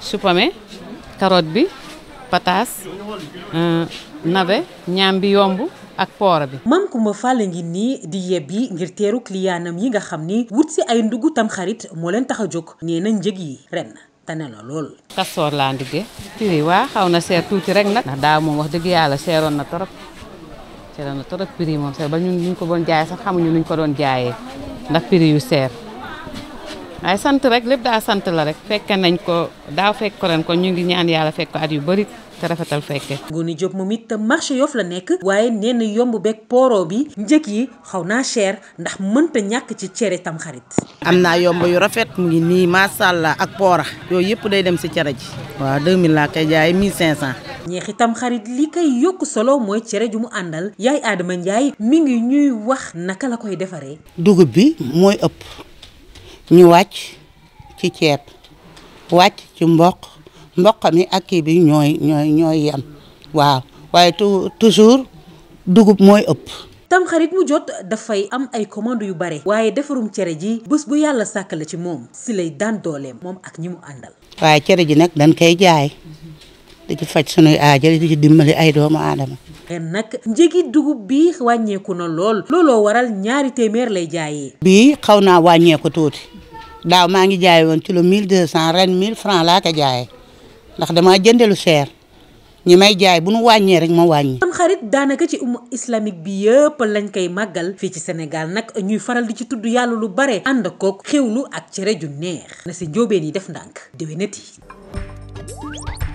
supame carotte bi pataas euh, nabe ñaam bi yomb ak poora bi. Mame ma Fall ngi nii di yebbi ngir teeru clientam yi nga xam ni wut si ay ndugg tam xarit moo leen tax a jóg nee na njëg yi ren tane la lool. kastoor laa nduggee. prix waa xaw na seer tuuti rek nag. ndax daaw moom wax dëgg yàlla seeroon na torop seeroon na torop moom seer ba ñu ñu ko doon jaaye sax xamuñu nuñ ko doon jaayee. ndax prix yu seer waaye sant rek lépp daa sant la rek fekke nañ ko daaw fekk ko ren ko ñu ngi ñaan yàlla fekk ko at yu bëri te rafetal fekke Ngoné Diop moom it marché Yoff la nekk waaye nee na yomb beeg pooro bi njëg yi xaw naa cher ndax mënta ñàkk ci cere tam am naa yomb yu rafet mu ngi nii masàllaa ak poora yooyu yëpp day dem si cere ji waaw 2000 laa koy jaay 1500 ñeex tam xarit li koy yokk solo mooy cere ju mu àndal yaay aadama Ndiaye mi ngi ñuy wax naka la koy defaree dugub bi mooy ëpp ñu wàcc ci ceeb wàcc ci mboq mboq mi ak kii bi ñooy ñooy ñooy yem waaw waaye tu toujours dugub mooy ëpp tamxarit mu jot dafay am ay commande yu bare waaye defarum cere ji bés bu yàlla sàkk la ci moom si lay daan dooleem moom ak ñi mu àndal waaye cere ji nag dañ koy jaay di ci faj sunuy aajal di ci dimbali ay doomu aadama ren nag njëgi dugub bi wàññeeku na lool looloo waral ñaari téeméer lay jaayee bii xaw naa wàññeeku tuuti daaw maa ngi jaay woon kilo 1200 ren 1000 francs laa ko jaayee ndax damaa jëndeelu seer ñi may jaay bu nu wàññee rek ma wàññi. tamxarit daanaka ci umu islamique bi yëpp lañ koy màggal fii ci senegal nag ñuy faral di ci tudd yàlla lu bare ànd kook lu ak cere ju neex na si njóobeen yi def ndànk déwénati